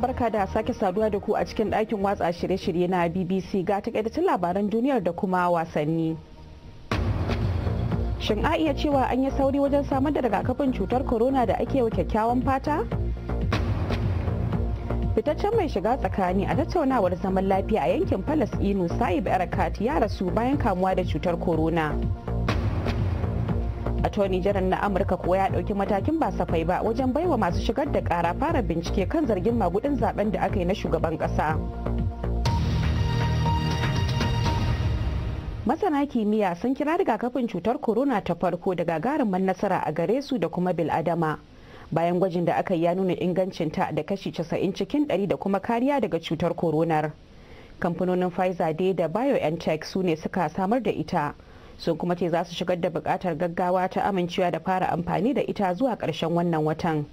barka da sake saduwa da ku a cikin ɗakin watsa shirye-shirye na BBC ga takaitaccen labaran duniyar da kuma wasanni. Shin a iya cewa an yi sauri wajen samar da rigakafin cutar corona da ake wa kyakkyawan fata? Fitaccen mai shiga tsakani a tattaunawar zaman lafiya a yankin Falasɗinu Sa'ib Arakat ya rasu bayan kamuwa da cutar corona. attorney general na amurka kuwa ya dauki matakin ba safai ba wajen baiwa masu shigar da kara fara bincike kan zargin magudin zaben da aka yi na shugaban kasa masana kimiyya sun kira rigakafin cutar corona ta farko da gagarumin nasara a gare su da kuma bil adama bayan gwajin da aka yi ya nuna ingancinta da kashi 90 cikin 100 da kuma kariya daga cutar coronar kamfanonin pfizer da biontech su ne suka samar da ita sun kuma ce za su shigar da bukatar gaggawa ta amincewa da fara amfani da ita zuwa ƙarshen wannan watan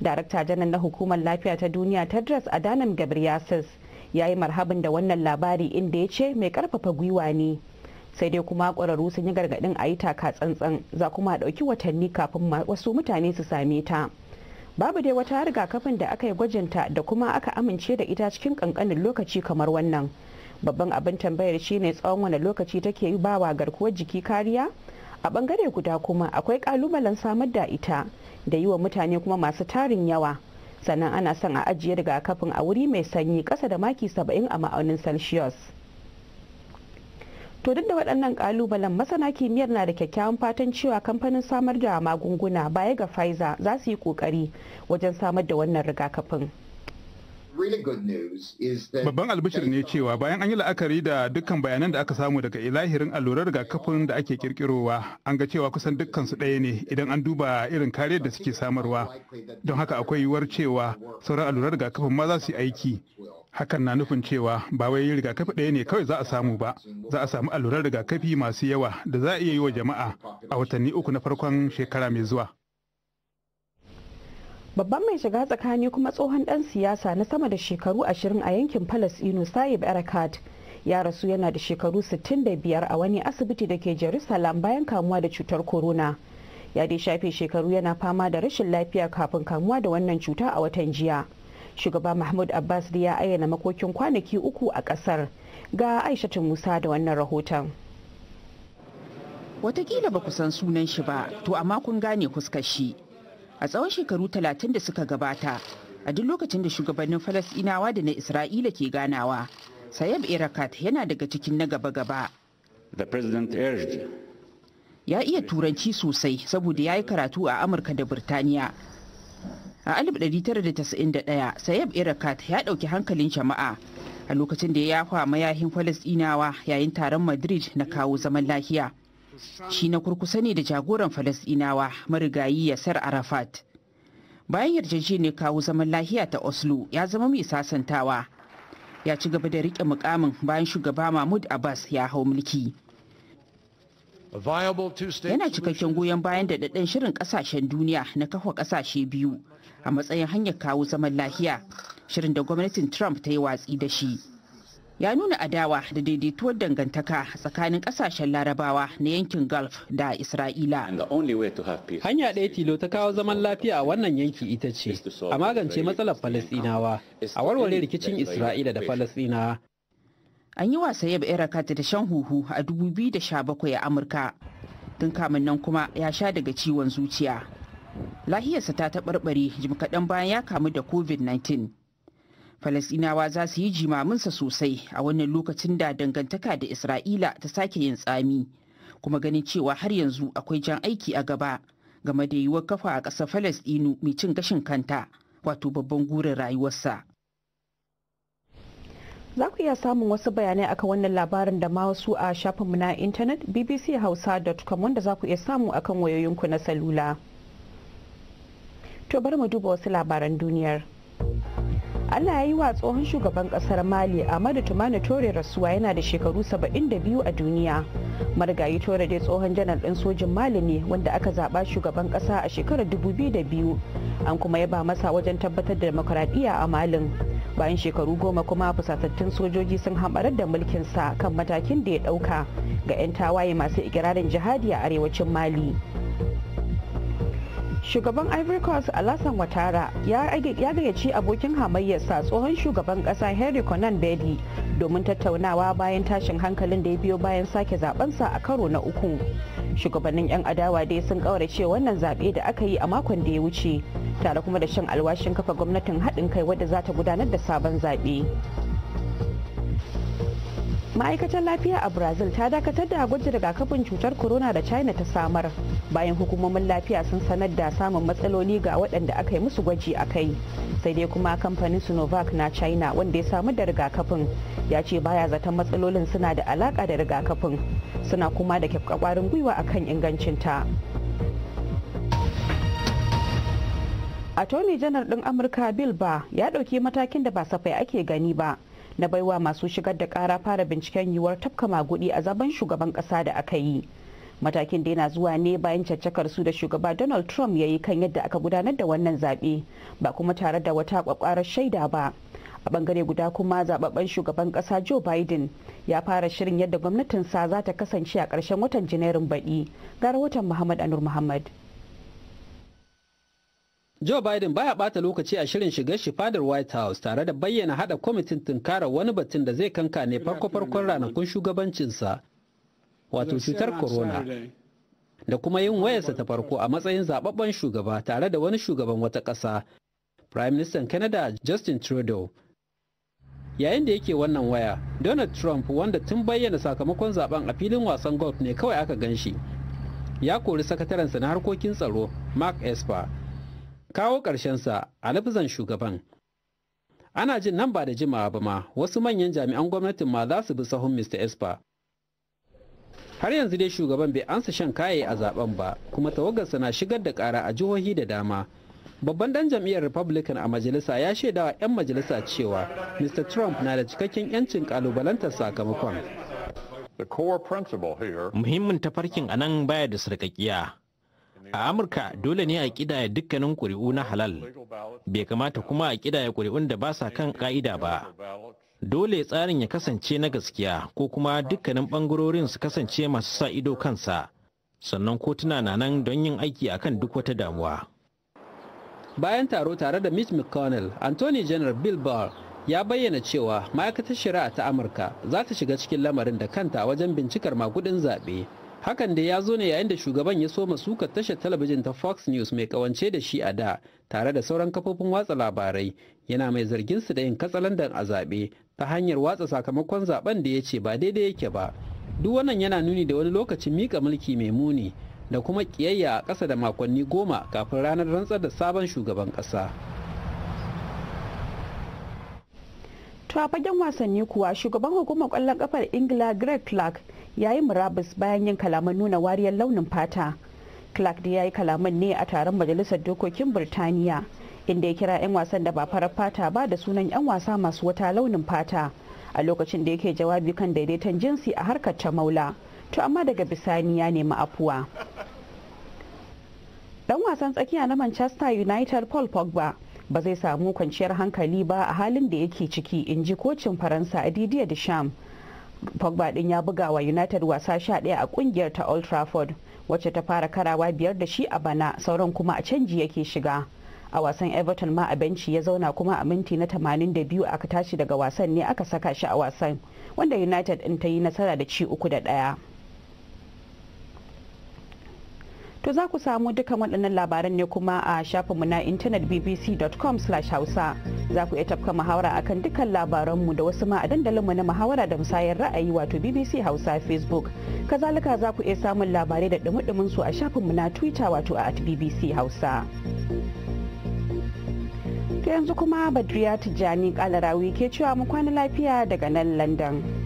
darakta janar na hukumar lafiya ta duniya tedros adhanom ghebreyesus ya yi marhabin da wannan labari inda ya ce mai karfafa gwiwa ne sai dai kuma ƙwararru sun yi gargaɗin a yi taka tsantsan za kuma ɗauki watanni kafin wasu mutane su same ta babu dai wata rigakafin da aka yi gwajinta da kuma aka amince da ita cikin ƙanƙanin lokaci kamar wannan babban abin tambayar shine tsawon wani lokaci take bawa garkuwar jiki kariya a bangare guda kuma akwai kalubalen samar da ita da yi wa mutane kuma masu tarin yawa sannan ana son a ajiye rigakafin a wuri mai sanyi kasa da maki 70 a ma'aunin celsius to duk da waɗannan kalubalen masana kimiyyar na da kyakkyawan fatan cewa kamfanin samar da magunguna baya ga pfizer za su yi ƙoƙari wajen samar da wannan rigakafin. Babban albishir ne cewa bayan an yi la'akari da dukkan bayanan da aka samu daga ilahirin allurar rigakafin da ake kirkirowa an ga cewa kusan dukkan su ɗaya ne idan an duba irin kariyar da suke samarwa. Don haka akwai yiwuwar cewa sauran allurar rigakafin ma za su yi aiki. Hakan na nufin cewa ba wai rigakafi ɗaya ne kawai za a samu ba, za a samu allurar rigakafi masu yawa da za a iya yi wa jama'a a watanni uku na farkon shekara mai zuwa. babban mai shiga tsakani kuma tsohon dan siyasa na sama da shekaru ashirin a yankin palestino sahib arakat ya rasu yana da shekaru 65 a wani asibiti da ke jerusalem bayan kamuwa da cutar corona ya dai shafe shekaru yana fama da rashin lafiya kafin kamuwa da wannan cuta a watan jiya shugaba mahmud abbas da ya ayyana makokin kwanaki uku a kasar ga aishatu musa da wannan rahoton watakila ba ku san sunan shi ba to amma kun gane fuskar shi a tsawon shekaru talatin da suka gabata a duk lokacin da shugabannin falasinawa da na isra'ila ke ganawa sayab erakat yana daga cikin na gaba-gaba ya iya turanci sosai saboda ya yi karatu a amurka da birtaniya a 1991 sayab erakat ya ɗauki hankalin jama'a a lokacin da ya yafa mayahin falasinawa yayin taron madrid na kawo zaman lafiya shi na kurkusa ne da jagoran Falasɗinawa marigayi yasar arafat bayan yarjejeniyar kawo zaman lahiya ta oslo ya zama mai sasantawa ya ci gaba da riƙe mukamin bayan shugaba mahmud abbas ya hau mulki yana cikakken goyon bayan da daɗin shirin ƙasashen duniya na kafa ƙasashe biyu a matsayin hanyar kawo zaman lahiya shirin da gwamnatin trump ta yi watsi da shi ya nuna adawa da daidaituwar dangantaka tsakanin kasashen larabawa na yankin gulf da isra'ila hanya ɗaya tilo ta kawo zaman lafiya a wannan yanki ita ce a magance matsalar falasɗinawa a warware rikicin isra'ila da falasɗinawa an yi wasa yaba erakata da shan huhu a 2017 a amurka tun kamun nan kuma ya sha daga ciwon zuciya lahiyarsa ta taɓarɓare jim kaɗan bayan ya kamu da covid-19 falasinawa za su yi jimaminsa sosai a wannan lokacin da dangantaka da isra'ila ta sake yin tsami kuma ganin cewa har yanzu akwai jan aiki a gaba game da yiwuwar kafa a ƙasar falasɗinu mai cin gashin kanta wato babban gurin rayuwarsa za ku iya samun wasu bayanai aka wannan labarin da ma wasu a shafinmu na intanet bbchausa.com wanda za ku iya samu akan wayoyinku na salula to bari mu duba wasu labaran duniyar ana yi wa tsohon shugaban kasar mali amadu tumani tore rasuwa yana da shekaru 72 a duniya marigayi tore dai tsohon janar ɗin sojin mali ne wanda aka zaɓa shugaban ƙasa a shekarar 2002 an kuma ya ba masa wajen tabbatar da demokuraɗiyya a malin bayan shekaru goma kuma fusatattun sojoji sun hamarar da mulkinsa kan matakin da ya ɗauka ga 'yan tawaye masu ikirarin jihadi a arewacin mali shugaban ivory coast alasan watara ya gayyaci abokin hamayyarsa tsohon shugaban kasa henry conan bedi domin tattaunawa bayan tashin hankalin da ya biyo bayan sake zabensa a karo na uku shugabannin 'yan adawa dai sun kaurace wannan zaɓe da aka yi a makon da ya wuce tare kuma da shan alwashin kafa gwamnatin haɗin kai wadda za ta gudanar da sabon zaɓe ma'aikatar lafiya a brazil ta dakatar da gwajin rigakafin cutar corona da china ta samar bayan hukumomin lafiya sun sanar da samun matsaloli ga waɗanda aka yi musu gwaji a kai sai dai kuma kamfanin sinovac na china wanda ya samu da rigakafin ya ce baya zaton matsalolin suna da alaka da rigakafin suna kuma da kwakwarin gwiwa akan ingancinta attorney janar din amurka bill ba ya ɗauki matakin da ba safai ake gani ba na baiwa masu shigar da kara fara binciken yiwuwar tafka magudi a zaben shugaban kasa da aka yi matakin da yana zuwa ne bayan caccakar su da shugaba donald trump ya yi kan yadda aka gudanar da wannan zaɓe ba kuma tare da wata kwakwarar shaida ba a bangare guda kuma zababben shugaban kasa joe biden ya fara shirin yadda gwamnatinsa za ta kasance a ƙarshen watan janairun baɗi gara watan muhammad anur muhammad Joe Biden baya ɓata lokaci a shirin shiga shi fadar White House tare da bayyana hada kwamitin tunkarar wani batun da zai kanka ne farko-farkon ranakun shugabancinsa wato cutar corona da kuma yin wayarsa ta farko a matsayin zababben shugaba tare da wani shugaban wata ƙasa. Prime Minister Canada Justin Trudeau yayin da yake wannan waya Donald Trump wanda tun bayyana sakamakon zaben a filin wasan golf ne kawai aka gan shi ya kori sakatarensa na harkokin tsaro Mark Esper kawo ƙarshensa a lafizan shugaban ana jin nan ba da jimawa ba ma wasu manyan jami'an gwamnatin ma za su bi sahun mr esper har yanzu dai shugaban bai ansa shan kaye a zaben ba kuma tawagarsa na shigar da kara a jihohi da dama babban dan jam'iyyar republican a majalisa ya shaida wa 'yan majalisa cewa mr trump na da cikakken 'yancin kalubalantar sakamakon muhimmin tafarkin a nan baya da sarkakiya A Amurka dole ne a kidaya dukkanin ƙuri'u na halal. Bai kamata kuma a kidaya ƙuri'un da ba sa kan ƙa'ida ba. Dole tsarin ya kasance na gaskiya ko kuma dukkanin ɓangarorin su kasance masu sa ido kansa. Sannan kotuna na nan don yin aiki akan duk wata damuwa. Bayan taro tare da Mitch McConnell, Anthony General Bill Barr ya bayyana cewa ma'aikatar shari'a ta Amurka za ta shiga cikin lamarin da kanta wajen bincikar magudin zaɓe. hakan da ya zo ne yayin da shugaban ya soma suka tashar talabijin ta fox news mai kawance da shi a da tare da sauran kafofin watsa labarai yana mai zargin su da yin katsalandan a zaɓe ta hanyar watsa sakamakon zaben da ya ce ba daidai yake ba duk wannan yana nuni da wani lokacin mika mulki mai muni da kuma kiyayya a ƙasa da makonni goma kafin ranar rantsar da sabon shugaban ƙasa. To a fagen wasanni kuwa shugaban hukumar kwallon kafar Ingila Greg Clark ya yi murabus bayan yin kalaman nuna wariyar launin fata clark da ya yi kalaman ne a taron majalisar dokokin birtaniya inda ya kira 'yan wasan da ba farar fata ba da sunan 'yan wasa masu wata launin fata a lokacin da yake jawabi kan daidaiton jinsi a harkar ta maula to amma daga bisani ya nemi afuwa dan wasan tsakiya na manchester united paul pogba ba zai samu kwanciyar hankali ba a halin da yake ciki in ji kocin faransa a didier deschamps pogba din ya buga wa united wasa sha 11 a kungiyar ta old trafford wacce ta fara karawa biyar da shi a bana sauran kuma a canji yake shiga a wasan everton ma a benci ya zauna kuma a minti na 82 aka tashi daga wasan ne aka saka shi a wasan wanda united din ta yi nasara da ci uku da ɗaya. To za ku samu dukkan waɗannan labaran ne kuma a shafinmu na intanet bbc.com hausa za ku iya tafka muhawara a kan dukkan labaranmu da wasu ma a dandalinmu na muhawara da musayar ra'ayi wato bbc hausa facebook kazalika za ku iya samun labarai da ɗumuɗumin su a shafinmu na twitter wato a bbc hausa. To yanzu kuma Badriya Tijjani Kalarawi ke cewa mu kwana lafiya daga nan London.